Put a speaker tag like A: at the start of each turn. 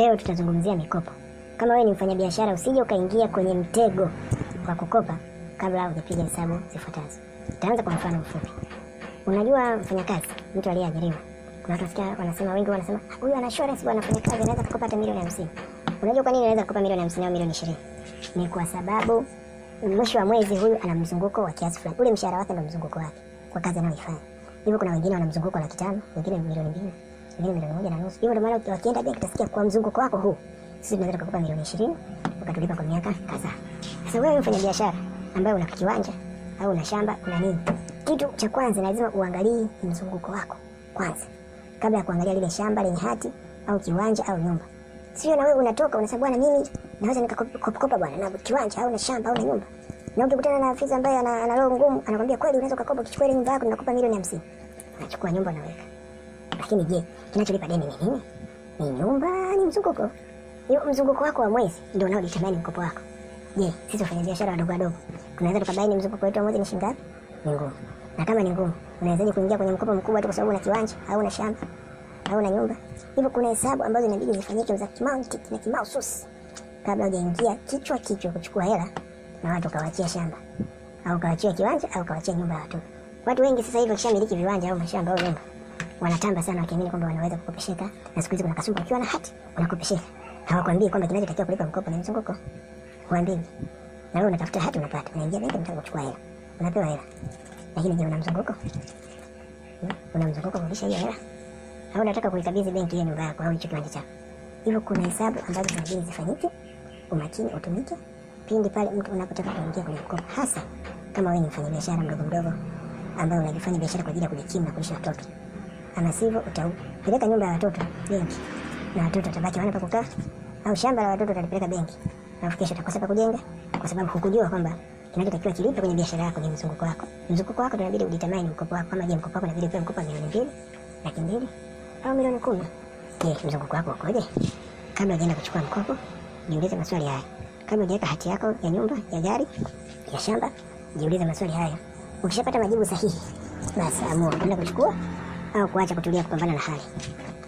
A: Leo tutazungumzia mikopo. Kama wewe ni mfanyabiashara, usije ukaingia kwenye mtego wa kukopa kabla hujapiga hesabu zifuatazo. Tutaanza kwa mfano mfupi. Unajua mfanyakazi, mtu aliyeajiriwa, kuna tunasikia wanasema, wengi wanasema huyu ana insurance bwana, kazi, anaweza kukopa hata milioni 50. Unajua kwa nini anaweza kukopa milioni 50 au milioni 20? Ni kwa sababu mwisho wa mwezi huyu ana mzunguko wa kiasi fulani. Ule mshahara wake ndio mzunguko wake kwa kazi anayoifanya. Hivyo kuna wengine wana mzunguko wa laki tano, wengine milioni mbili milioni mia moja na nusu. Hiyo ndio maana wakienda benki utasikia kwa mzunguko wako huu, sisi tunaweza kukupa milioni ishirini ukatulipa kwa miaka kadhaa. Sasa wewe mfanya biashara ambaye una kiwanja au una shamba una nini, kitu cha kwanza lazima uangalie mzunguko wako kwanza, kabla ya kuangalia lile shamba lenye hati au kiwanja au nyumba. Sio na wewe unatoka unasema bwana, mimi naweza nikakopa bwana na kiwanja au na shamba au na nyumba, na ukikutana na afisa ambaye ana, roho ngumu anakwambia kweli, unaweza kukopa, ukichukua ile nyumba yako ninakupa milioni 50, unachukua nyumba unaweka lakini je, kinacholipa deni ni nini? Ni nyumba? Ni mzunguko? Hiyo mzunguko wako wa mwezi ndio unao determine mkopo wako. Je, sisi wafanya biashara wadogo wadogo tunaweza tukabaini mzunguko wetu wa mwezi ni shilingi Ni ngumu. Na kama ni ngumu, unawezaje kuingia kwenye mkopo mkubwa tu kwa sababu una kiwanja au una shamba au una nyumba? Hivyo kuna hesabu ambazo inabidi zifanyike za kimantiki na kimahususi kabla hujaingia kichwa kichwa kuchukua hela na watu kawaachia shamba au kawaachia kiwanja au kawaachia nyumba ya watu. Watu wengi sasa hivi wakishamiliki viwanja au mashamba au nyumba wanatamba sana wakiamini kwamba wanaweza kukopesheka, na siku hizi kuna kasumba, ukiwa na hati unakopesheka. Hawakwambii kwamba kinachotakiwa kulipa mkopo ni mzunguko wa mbingu, na wewe unatafuta hati, unapata, unaingia benki, unataka kuchukua hela, unapewa hela. Lakini je, una mzunguko? Hmm? Una mzunguko kurudisha hiyo hela, au unataka kuikabidhi benki hiyo nyumba yako au hicho kiwanja chako? Hivyo kuna hesabu ambazo zinabidi zifanyike, umakini utumike pindi pale mtu unapotaka kuingia kwenye mkopo, hasa kama wewe ni mfanyabiashara mdogo mdogo ambaye unajifanya biashara kwa ajili ya kujikimu na kulisha watoto kama sivyo utaupeleka nyumba ya watoto benki, na watoto watabaki wana pa kukaa, au shamba la watoto utalipeleka benki, alafu kesho utakosa pa kujenga, kwa sababu hukujua kwamba kinachotakiwa kilipe kwenye biashara yako ni mzunguko wako. Mzunguko wako tunabidi uditamani mkopo wako, kama je, mkopo wako inabidi upewe mkopo wa milioni mbili laki mbili au milioni kumi Je, mzunguko wako ukoje? Kabla ujaenda kuchukua mkopo, jiulize maswali haya. Kabla ujaweka hati yako ya nyumba, ya gari, ya shamba, jiulize maswali haya. Ukishapata majibu sahihi, basi amua unaenda kuchukua au kuacha kutulia kupambana na hali.